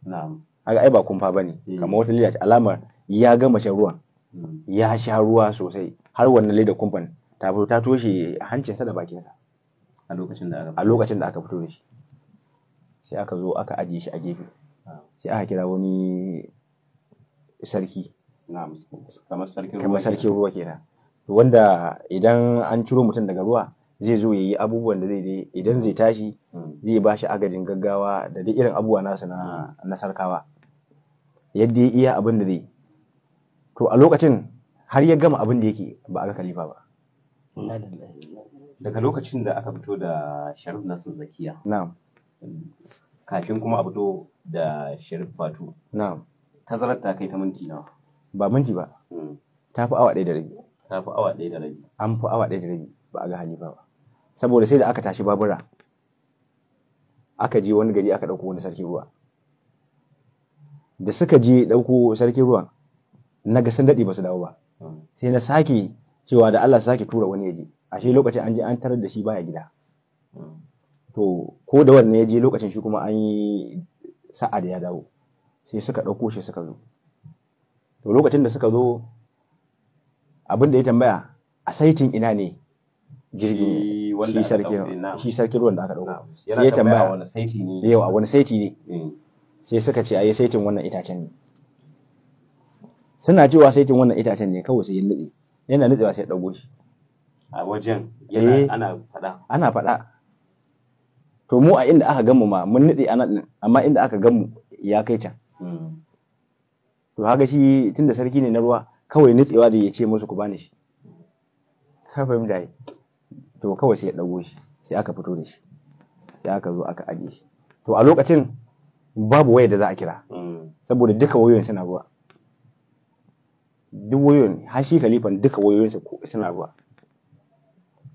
kaga ai ba kumfa bane kamar wata leda alamar ya gama shan ruwan ya sha ruwa sosai har wannan leda kumfan ta fito ta toshe hancinsa da bakinsa a lokacin da aka fito da shi sai aka zo aka ajiye shi a gefe sai aka kira wani sarki kamar sarkin ruwa kenan wanda idan an ciro mutum daga ruwa zai zo ya yi abubuwan da zai dai idan zai tashi hmm. zai ba shi agajin gaggawa da dai irin abubuwa nasu hmm. na sarkawa yadda ya iya abin da zai to a lokacin har ya gama abin da yake ba a ga khalifa ba daga lokacin da aka fito da sharif nasu zakiya na'am kafin kuma a fito da sharif fatu na'am tazarar ta kai ta minti nawa ba minti ba hmm. ta fi awa ɗaya da rabi ta fi awa ɗaya da rabi an fi awa ɗaya da rabi ba a ga halifa ba saboda sai da aka tashi babura aka je wani gari aka ɗauko wani sarki ruwa da suka je ɗauko sarki ruwan na ga sun daɗe ba su dawo ba sai na sake cewa da Allah sake tura wani yaje ashe lokacin an je an tarar da shi baya gida to ko da wannan yaje lokacin shi kuma an yi sa'a da ya dawo sai suka ɗauko shi suka zo to lokacin da suka zo abin da ya tambaya a saitin ina ne jirgin shi sarki ruwan da aka ɗauko sai ya tambaya a wani saiti ne eh. sai suka ce a yi saitin wannan itacen ne suna cewa sai jin wannan itacen ne kawai sai ya nutse yana nutsewa sai ya dago shi a wajen yana eh. ana faɗa ana faɗa to mu a inda aka gamu ma mun nutse ana din amma inda aka gamu ya kai can hmm. to haka shi tunda sarki ne na ruwa kawai nutsewa zai ce musu ku bani shi ka fahimta yi to kawai sai ya dago shi sai aka fito da shi sai aka zo aka aje shi to a lokacin babu waya da za a kira hmm. saboda duka wayoyin suna ruwa duk wayoyin har shi kalifan duka wayoyinsa suna ruwa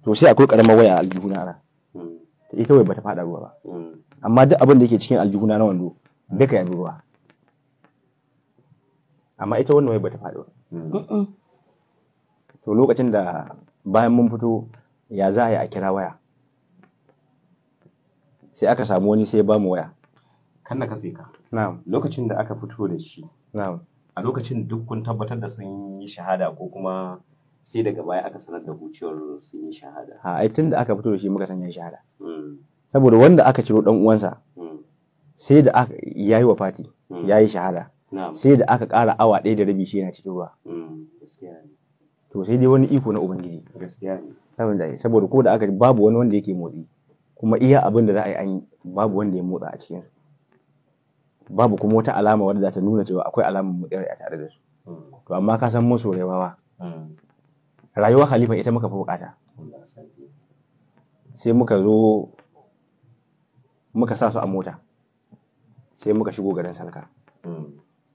to sai akwai karamar waya aljihuna na hmm. ita wai bata fada ruwa ba hmm. amma duk abin da yake cikin aljihuna na wando duka ya ruwa amma ita wannan wai bata fada ba to lokacin da bayan mun fito ya za a yi kira waya sai aka samu wani sai ba mu waya kan na katse ka na'am lokacin da aka fito da shi na'am a lokacin duk kun tabbatar da sun yi shahada ko kuma sai daga baya aka sanar da ku sun yi shahada Ha, ai tun da aka fito da shi muka sanya shahada hmm. saboda wanda aka ciro dan uwansa hmm. sai da aka yayi wa fati hmm. yayi shahada sai da aka ƙara awa ɗaya da rabi shi yana cikin ruwa to sai dai wani iko na ubangiji saboda saboda ko da aka babu wani wanda yake motsi kuma iya abin da za a yi an babu wanda ya motsa a cikin babu kuma wata alama wadda za ta nuna cewa akwai alamar mutsiyar a tare da su to amma ka san musu rayuwa rayuwar halifa ita muka fi bukata sai muka zo muka sa su a mota sai muka shigo garin salka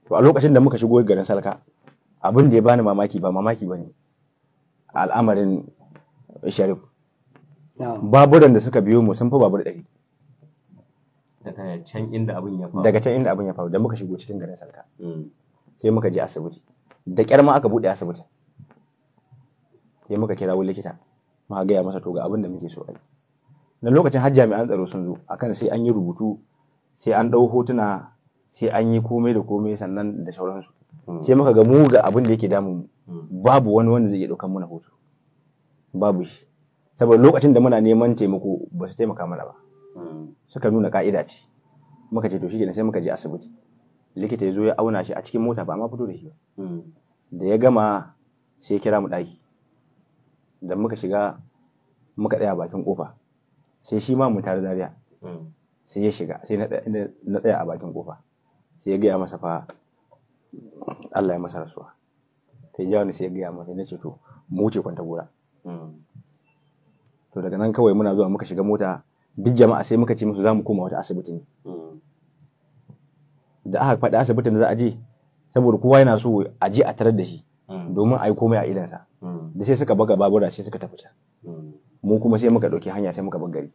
to a lokacin da muka shigo garin salka abin da ya bani mamaki ba mamaki ba ne al'amarin sharif baburan da suka biyo mu sun fi babur ɗari daga can inda abin ya faru daga can inda abin ya faru da muka shigo cikin garin salka mm. sai muka je asibiti da kyar ma aka bude asibiti sai muka kira wani likita muka gaya masa to ga abin da muke so a yi na lokacin har jami'an tsaro sun zo akan sai an yi rubutu sai an ɗau hotuna sai an yi komai da komai sannan da sauransu mm. sai muka ga mu ga abin da yake damu mm. babu wani wanda zai iya ɗaukan mana hoto babu shi saboda lokacin da muna neman taimako ba su taimaka mana ba Hmm. suka nuna ka'ida ce muka ce to shi sai muka je asibiti likita ya zo ya auna shi a cikin mota ba ma fito da shi ba hmm. da ya gama sai ya kira mu ɗaki da muka shiga muka tsaya bakin kofa sai shi ma mu tare dariya hmm. sai ya shiga sai na tsaya a bakin kofa sai ya gaya masa fa Allah ya masa rasuwa sai ya jawani sai ya gaya masa na ce to mu wuce kwanta gora to daga nan kawai muna zuwa muka shiga mota duk jama'a sai muka ce musu za mu koma wata asibiti ne hmm. da aka faɗi asibitin da za a je saboda kowa yana so a je a tarar da shi hmm. domin a yi komai a idansa hmm. da sai suka baga babura sai suka tafi mu kuma sai muka ɗauki hanya sai muka bar gari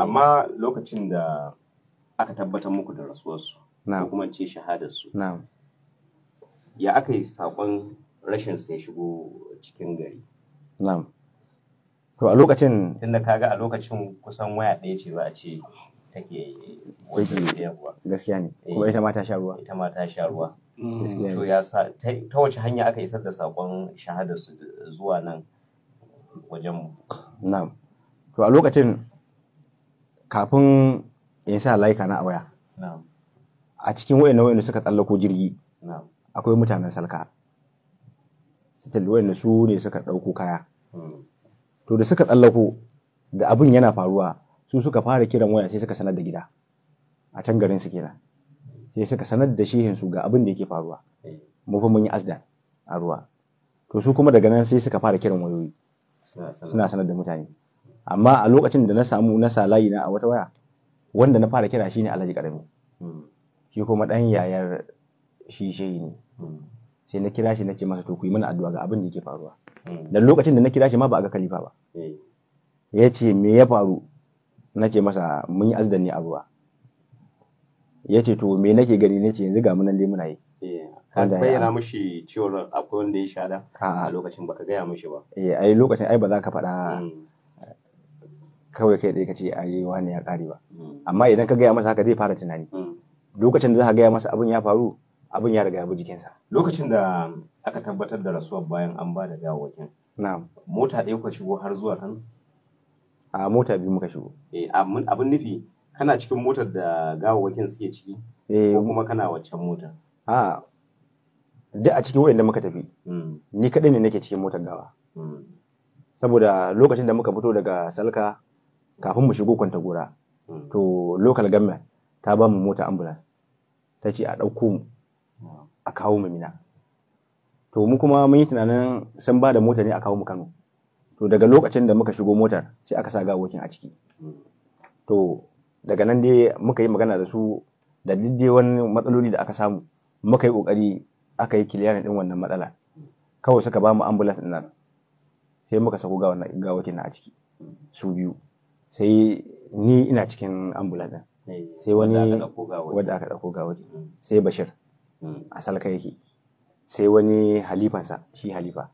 amma lokacin da aka tabbatar muku da rasuwarsu ko kuma ce shahadarsu ya aka yi saƙon rashin sai shigo cikin gari na'am to a lokacin tunda kaga a lokacin kusan waya ɗaya ce za a ce take gaskiya ne eh, kuma ita ma ta sha ruwa ita ma ta sha ruwa mm. to ya sa ta wace hanya aka isar da sakon shahada su zuwa nan wajen mu na'am to a lokacin kafin in sa laika na a waya a cikin wayannan wayanda suka tsallako jirgi akwai mutanen salka wayanda su ne suka ɗauko kaya hmm. to da suka tsallako da abin yana faruwa su suka fara kiran waya sai suka sanar da gida a can garin su kenan sai suka sanar da shehin su ga abin da yake faruwa mu fa mun yi a ruwa to su kuma daga nan sai suka fara kiran wayoyi suna sanar da mutane amma a lokacin da na samu na sa layi na a wata waya wanda na fara kira shine Alhaji Karami hmm. shi kuma dan yayar shi shehi ne hmm. sai na kira shi nace masa to ku yi mana addu'a ga abin da yake faruwa Hmm. da lokacin da na kira shi ma ba a ga kalifa ba hmm. ya ce me ya faru na ce masa mun yi azdan ne a ruwa ya ce to me nake gani ne ce yanzu ga munan dai muna yi eh, ka bayyana mishi cewar akwai wanda ya shada a lokacin baka gaya mishi ba eh ai lokacin ai ba za ka faɗa hmm. kawai kai tsaye ka ce ai wani ya ƙare ba amma idan ka gaya masa haka zai fara tunani lokacin da za ka gaya masa abin ya faru abin ya riga ya bi jikinsa lokacin da aka tabbatar da rasuwar bayan an ba da gawawakin na'am mota ɗaya kuka shigo har zuwa kan? a mota biyu muka shigo eh abin nufi kana cikin motar da gawawakin suke ciki eh, ko kuma kana waccan motar a duk a cikin wayanda muka tafi hmm. ni kaɗai ne nake cikin motar gawa hmm. saboda lokacin da muka fito daga salka kafin mu shigo kwanta gora hmm. to local government ta ba mu mota ambulance ta ce a ɗauko mu a kawo mu mina to mu kuma mun yi tunanin sun ba da mota ne a kawo mu kano to daga lokacin da muka shigo motar sai aka sa gawokin a ciki to daga nan dai muka yi magana da su da dai wani matsaloli da aka samu muka yi kokari aka yi kiliyarin din wannan matsala kawai suka ba mu ambulance din nan sai muka sako ga wannan na a ciki su biyu sai ni ina cikin ambulance din eh, sai wani wadda aka dauko gawakin sai Bashir a salka yake sai wani halifansa shi halifa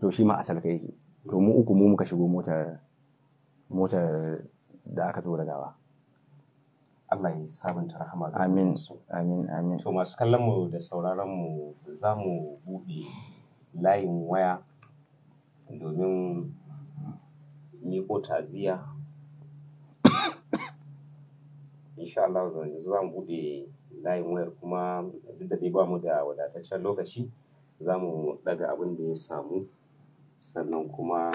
to shi ma a salka yake to mu uku mu muka shigo motar motar da aka tura gawa Allah ya sabunta rahama ga amin amin amin to masu kallon mu da sauraron mu za mu buɗe layin waya domin miƙo ta'aziyya insha Allah zan za mu buɗe layin wayar kuma duk da dai bamu da wadataccen lokaci za mu daga abin da ya samu sannan kuma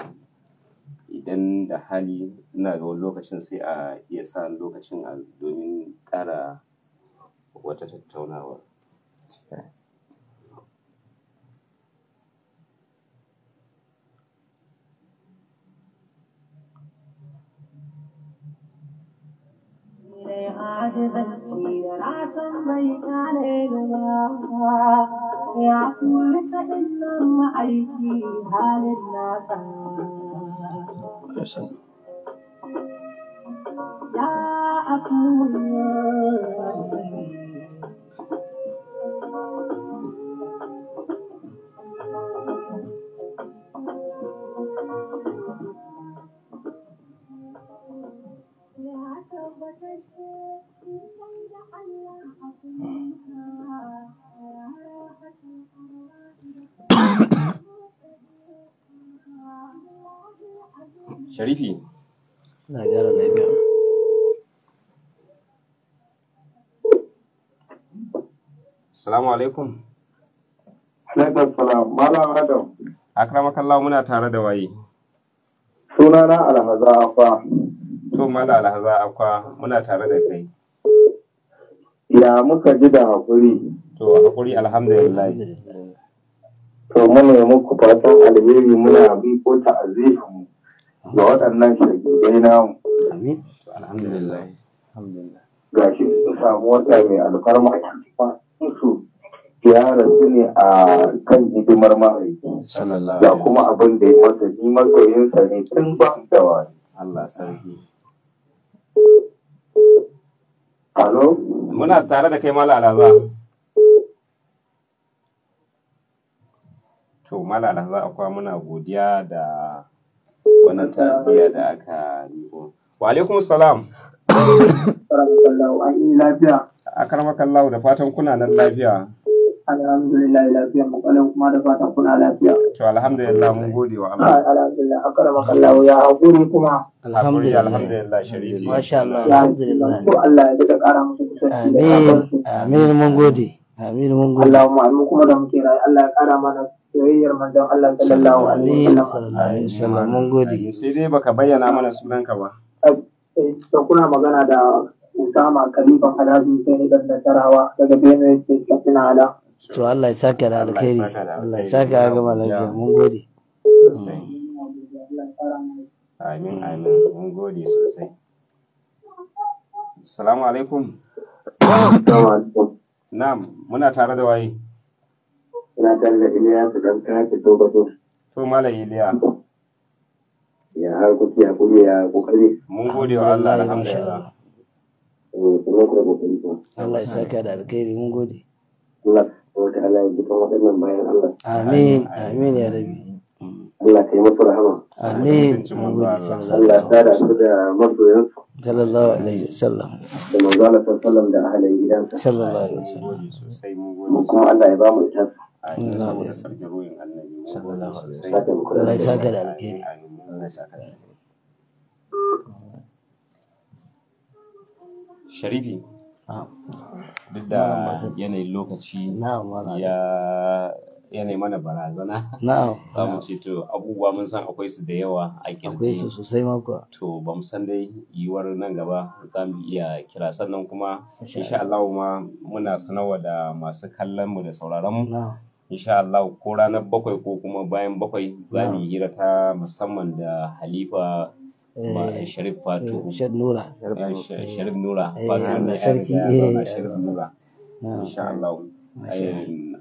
idan da hali ina ga wani lokacin sai a iya sa lokacin a domin ƙara wata tattaunawar. ne ajizanci da rasan bai kare gaba ya kuri kaɗin nan ma'aiki halin nasa ya akuwa Sharifi. Ina gyara lafiya. Salamu alaikum. Alaikum salam. Malam Adam. Akramakallah muna tare da waye. Sunana Alhaza Afa. Shehu Mala Alhaza Akwa muna tare da kai. Ya muka ji da hakuri To hakuri alhamdulillah. To muna yi muku fatan alheri muna bi ko ta ta'azimu ga waɗannan shahidai namu. Amin. Alhamdulillah. Alhamdulillah. Gashi sun samu wata mai alfarma a cikin su. ziyarar su ne a kan hidimar ma'aiki ga kuma abin da ya masa ni masoyinsa ne tun ba da wani Allah sarki Hello? Muna tare da kai malala za. To, Mala Alaza akwa muna godiya da wannan tasiya da aka nemo. Wa alaikun salam. A karmakan lau da fatan kuna nan lafiya. Alhamdulillah lafiya mu kalau kuma da fatan kuna lafiya. To alhamdulillah mun gode wa Allah. Alhamdulillah akrama kallahu ya hakuri kuma. Alhamdulillah alhamdulillah sharifi. Masha Allah alhamdulillah. Ko Allah ya daga kara musu kusanci. Amin. Amin mun gode. Amin mun gode. Allahumma mu kuma da muke rayu Allah ya kara mana soyayyar manzon Allah sallallahu alaihi wa sallam. wasallam. Mun gode. Sai dai baka bayyana mana sunanka ba. Da eh, kuna magana da Usama Khalifan Alhaji da Dandasarawa daga Benue State Katsina to Allah ya saka da alkhairi Allah ya saka da gama lafiya mun gode amin hmm. amin mun gode sosai assalamu alaikum na'am muna tare da waye ina tare da su dan kake dogo to To malam Iliya ya har ku ya kuma ya kokari mun gode wa Allah alhamdulillah eh, Allah ya saka da alkhairi mun gode Allah wa ta'ala ya bayan Allah. Amin, amin ya rabi. Mm. Allah ka yi masu rahama. Amin. Allah ta da su da masoyansu. Sallallahu alaihi wasallam. Da manzo Allah sallallahu da ahalin gidansa. Sallallahu alaihi wasallam. Mu kuma Allah ya ba mu ita. Sallallahu alaihi wasallam. Allah ya Allah ya saka da alheri. Sharifi. duk da yanayin lokaci ya yanayi mana barazana za mu ce to abubuwa mun san akwai su da yawa a kirki akwai su sosai kuwa to ba mu san dai yiwuwar nan gaba za mu iya kira sannan kuma insha Allah ma muna sanarwa da masu kallon mu da sauraron mu insha Allah ko ranar bakwai ko kuma bayan bakwai za mu yi hira ta musamman da Halifa Eh, sharif fatu eh, sharif nura sharif nura fatu eh, sarki sharif nura insha Allah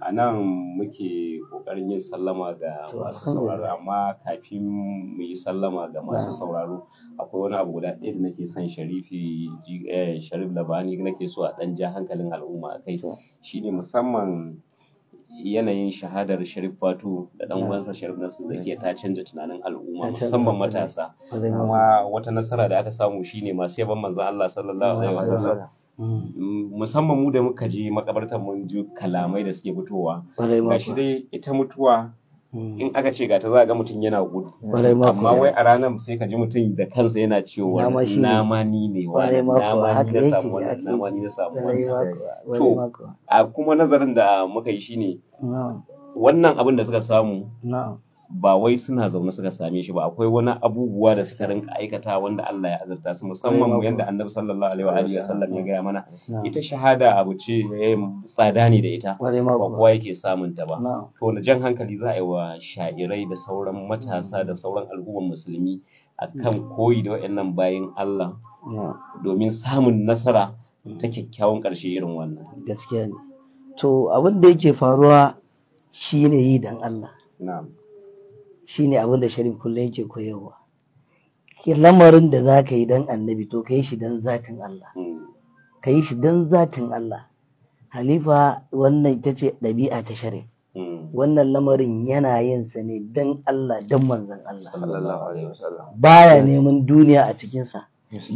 a nan muke kokarin yin sallama ga masu sauraro amma kafin mu yi sallama ga masu sauraro akwai wani abu guda ɗaya da nake son sharifi sharif labani nake so a ɗan ja hankalin al'umma a kai shine musamman yanayin shahadar Sharif Fatu da dan uwansa Sharif Nasir Zakiya ta canza tunanin al'umma musamman matasa kuma wata nasara da aka samu shine masu yaban manzon Allah sallallahu alaihi wasallam musamman mu da muka je makabartar mun ji kalamai da suke fitowa gashi dai ita mutuwa in aka ce ga ta za ga mutum yana gudu amma wai a ranar sai ka ji mutum da kansa yana cewa nama ni ne nama ni na samu wani nama ni na samu wani to a kuma nazarin da muka yi shine wannan abin da suka samu ba wai suna zaune suka same shi ba akwai wani abubuwa da suka rinka aikata wanda Allah ya azurta su musamman mu yanda Annabi sallallahu alaihi wa alihi wasallam ya gaya mana ita shahada abu ce tsada ne da ita ba kowa yake samun ta ba to na jan hankali za a yi wa sha'irai da sauran matasa da sauran al'ummar musulmi akan koyi da wayannan bayin Allah domin samun nasara mm. ta kyakkyawan karshe irin wannan gaskiya ne to abin da yake faruwa shine yi dan Allah na'am shine abin da sharif kullum yake koyarwa lamarin da za ka yi don annabi to ka yi shi don zatin Allah ka yi shi don zatin Allah halifa wannan ita ce ɗabi'a ta share. wannan lamarin yana yin sa ne don Allah don manzan Allah baya neman duniya a cikinsa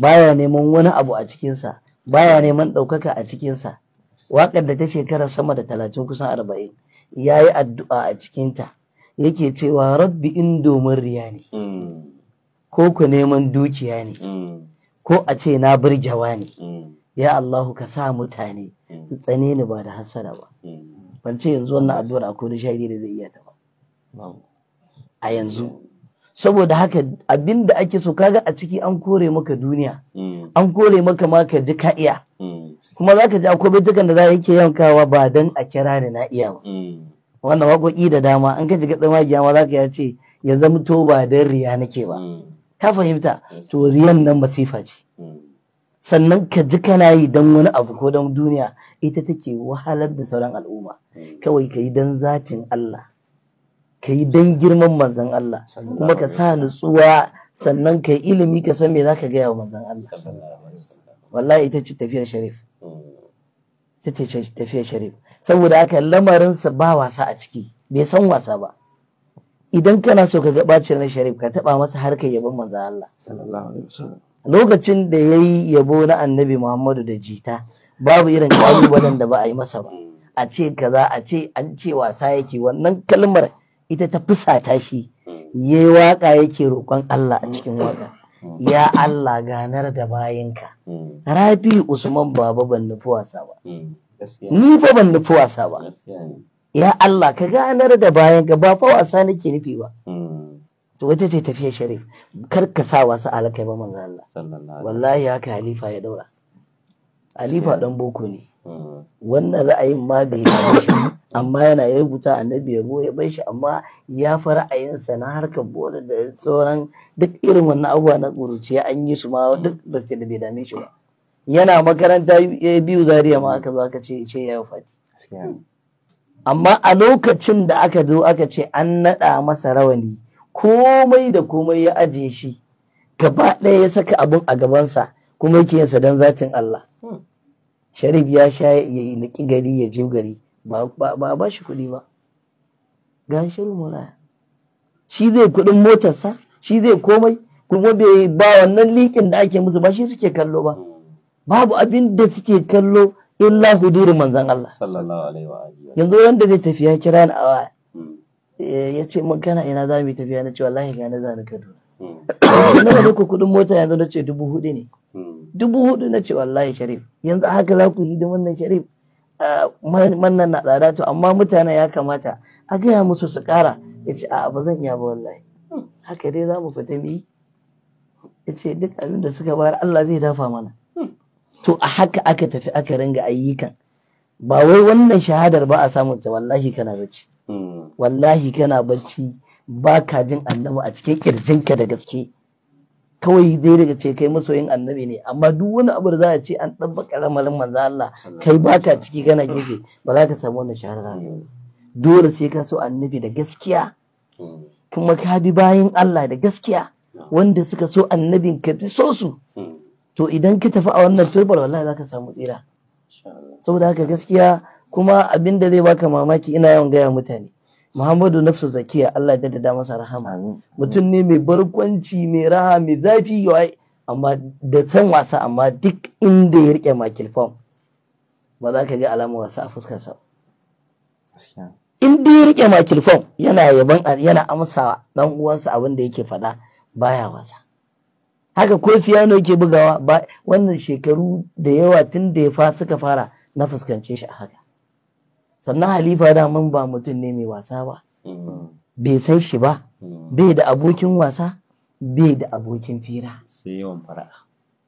baya neman wani abu a cikinsa baya neman ɗaukaka a cikinsa waƙar da ta shekara sama da talatin kusan arba'in ya yi addu'a a cikinta yake cewa rabbi in domin riya ne mm. ko ku neman dukiya ne mm. ko a ce na birgewa ne mm. ya Allahu ka sa mutane su tsane ni ba da hasara ba ban ce yanzu wannan addu'ar akwai da shari'a da zai iya ta ba a yanzu saboda haka abin da ake so kaga a ciki an kore maka duniya an kore maka ma ka ji ka iya kuma za ka ji akwai baitukan da za a yake yankawa ba don a kira ni na iya ba wannan waƙoƙi da dama an ka shiga tsamagiya ma zaka ya ce ya zamto ba dan riya nake ba mm. ka fahimta to riyan nan masifa ce mm. sannan ka ji kana yi don wani abu ko don duniya ita take wahalar da sauran al'umma mm. kawai ka yi zatin Allah ka yi don girman manzon Allah kuma ka sa nutsuwa sannan ka yi ilimi ka san me za ka gaya wa Allah wallahi ita ce tafiyar sharif ita ce tafiyar sharif saboda haka lamarinsa ba wasa a ciki bai san wasa ba idan kana so ka ga bacin na sharif ka taba masa har ka yabon manzo Allah lokacin da yayi yabo na annabi Muhammadu da jita babu irin kalubalen da ba a yi masa ba a ce kaza a ce an ce wasa yake wannan kalmar ita ta ta shi yayi waka yake roƙon Allah a cikin waka ya Allah ganar da bayinka mm. Rabi usman baba ban nufi wasa ba mm. ni fa ban nufi wasa ba ya Allah ka ganar da bayan ga ba fa wasa nake nufi ba hmm. to wata ce tafiya sharif kar ka sa wasu alakai ba manzo Allah wallahi haka halifa ya daura halifa dan boko ne hmm. wannan ra'ayin ma bai shi amma yana ya rubuta annabi ya ya bai shi amma ya fi ra'ayinsa na harkar bola da sauran duk irin wannan abubuwa na ƙuruciya an yi su ma duk ba da bai dame shi ba yana makaranta biyu zariya ma aka zo aka ce ce ya fati amma a lokacin da aka zo aka ce an naɗa masa rawani komai da komai ya ajiye shi gaba ɗaya ya saka abin a gabansa kuma yake yinsa don zatin Allah hmm. sharif ya sha ya yi naƙi gari ya ji gari ba ba shi kuɗi ba ga shirin mulaya shi zai kuɗin motarsa shi zai komai kuma bai ba wannan likin da ake musu ba shi suke kallo ba hmm. babu abin da suke kallo illa hudurin manzan Allah yanzu wanda zai tafiya kira ni awa, hmm. eh, ya ce magana ina za mu tafiya na ce wallahi ga hmm. na zani Kaduna na ga duka kudin mota yanzu na ce dubu hudu ne hmm. dubu hudu na ce wallahi sharif yanzu haka za ku yi da wannan sharif ah, mannan na tsada to amma mutanen ya kamata a gaya musu su kara ya ce a ba zan iya ba wallahi haka dai za mu fita mu yi ya ce duk abin da suka bayar Allah zai dafa mana to a haka aka tafi aka ringa ayyukan ba wai wannan shahadar ba a samun ta wallahi kana bacci hmm. wallahi kana bacci ba ka jin annabi a cikin kirjinka da gaske kawai zai daga ce kai masoyin annabi ne amma duk wani abu da za a ce an dan ƙaramar manza manzo Allah kai ba ka ciki kana gefe ba za ka samu wannan shahara hmm. dole sai ka so annabi da gaskiya hmm. kuma ka bi bayan Allah da gaskiya wanda suka so annabin ka bi so su to idan ka tafi a wannan turbar wallahi ka samu tsira saboda haka gaskiya kuma abin da zai baka mamaki ina yawan gaya mutane Muhammadu Nafsu Zakiya Allah ya da masa rahama mutum ne mai barkwanci mai raha mai zafi yawai amma da san wasa amma duk inda ya rike Michael ba za ka ga alamar wasa a fuskarsa in dai ya rike Michael yana yaban yana amsa dan uwansa abin da yake faɗa baya wasa haka ko fiyano ke bugawa ba wannan shekaru da yawa tun da ya fa suka fara na fuskance shi a haka sannan halifa daman ba mutum ne mai wasa ba bai san shi ba bai da abokin wasa bai da abokin fira sai yawan fara'a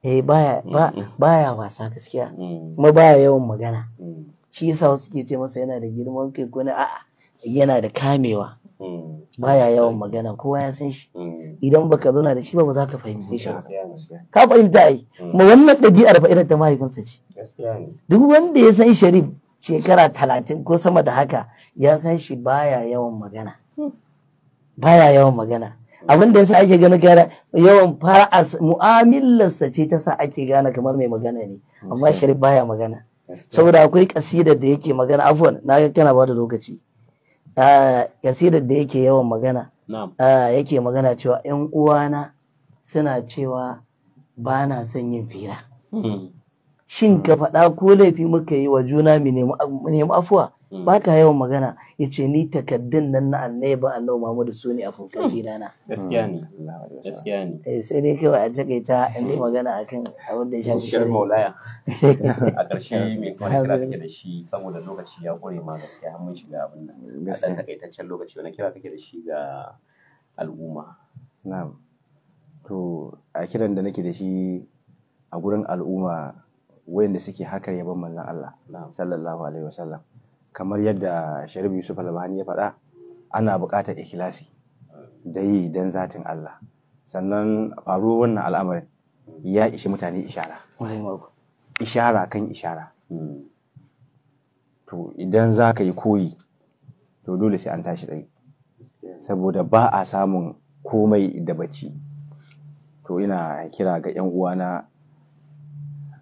eh baya mm. baya wasa gaskiya mm. kuma baya yawan magana mm. shi yasa wasu ke ce masa yana da girman kai ko a'a yana da kamewa Hmm. baya yawan magana kowa ya san shi hmm. idan baka zauna da shi ba ba za ka fahimce shi ka fahimta ai hmm. ma wannan ɗabi'ar fa irin mahaifinsa ce duk wanda ya san sharif shekara talatin ko sama da haka ya san shi baya yawan magana baya yawan magana abin da sa ake gane gara yawan fara'a mu'amillarsa ce ta sa ake gane kamar mai magana ne amma sharif baya magana saboda akwai kasidar da yake magana afwan na kana ba da lokaci kasidar da yake yawan magana yake magana cewa yan uwana suna cewa ba na son yin fira hmm. shin ka faɗa ko laifi muka yi wa juna mu nemi afuwa hmm. ba ka yawan magana ya ce ni takaddun nan na annabi annabi Muhammadu su ne hmm. a fukar na? gaskiya ne gaskiya ne eh, sai dai kawai a takaita in magana akan abin da ya shafi maulaya. a ƙarshe mai kuma kira kake da shi saboda lokaci ya ƙure ma gaskiya har mun shiga abin nan a ɗan takaitaccen lokaci wani kira kake da shi ga al'umma na'am to a kiran da nake da shi a gurin al'umma wayanda suke hakar yaban manzon Allah sallallahu alaihi wasallam kamar yadda Sharif Yusuf Albani ya faɗa ana buƙatar ikhlasi da yi dan zatin Allah sannan faruwar wannan al'amarin ya ishi mutane ishara ishara kan ishara hmm. to idan za ka yi koyi to dole sai an tashi tsaye saboda ba a samun komai da bacci to ina kira ga 'yan uwana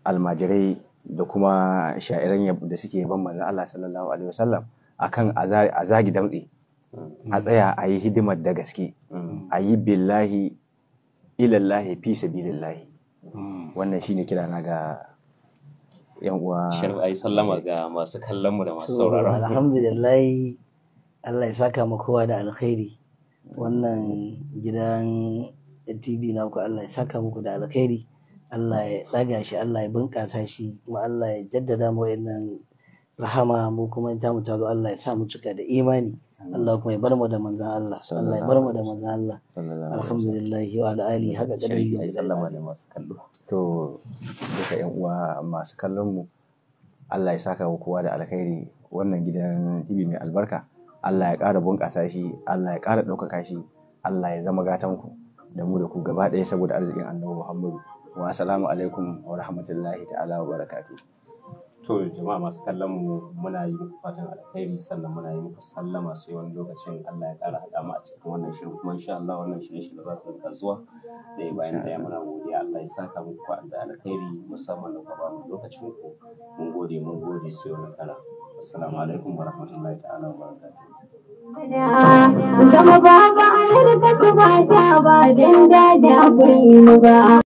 almajirai da kuma sha'iran da suke ban manzon Allah sallallahu alaihi wasallam akan a zagi damtse hmm. a tsaya a yi hidimar da gaske hmm. a yi billahi ilallahi fi sabilillahi wannan shine kira na ga yawa sharif ayi sallama ga masu kallon mu da masu sauraron lillahi Allah ya saka mu kowa da alkhairi wannan gidan TV na ku Allah ya saka muku da alkhairi Allah ya ɗaga shi Allah ya bunƙasa shi kuma Allah ya jaddada mu wayannan rahama mu kuma ta mu tazo Allah ya sa mu cika da imani Allah kuma ya bar mu da manzan Allah Allah ya bar mu da manzan Allah alhamdulillah wa ala alihi haka kadari ya sallama da masu kallo to duka yan uwa masu kallon mu Allah ya saka kowa da alkhairi wannan gidan tibi mai albarka Allah ya ƙara bunƙasa shi Allah ya ƙara ɗaukaka shi Allah ya zama gatan ku da mu da ku gaba ɗaya saboda arzikin annabi Muhammadu wa assalamu alaikum wa rahmatullahi ta'ala wa barakatuh To jama'a masu kallon mu muna yi muku fatan alkhairi sannan muna yi muku sallama sai wani lokacin Allah ya ƙara haɗa mu a cikin wannan shirin kuma insha Allah wannan shirye shirye za su ka zuwa da ya bayan da ya muna godiya Allah ya saka muku da alkhairi musamman da kwaba mu lokacin ku mun gode mun gode sai wani kara assalamu alaikum wa rahmatullahi ta'ala wa barakatuh zama ba ba anar kasu ba ta ba dan da da yi ba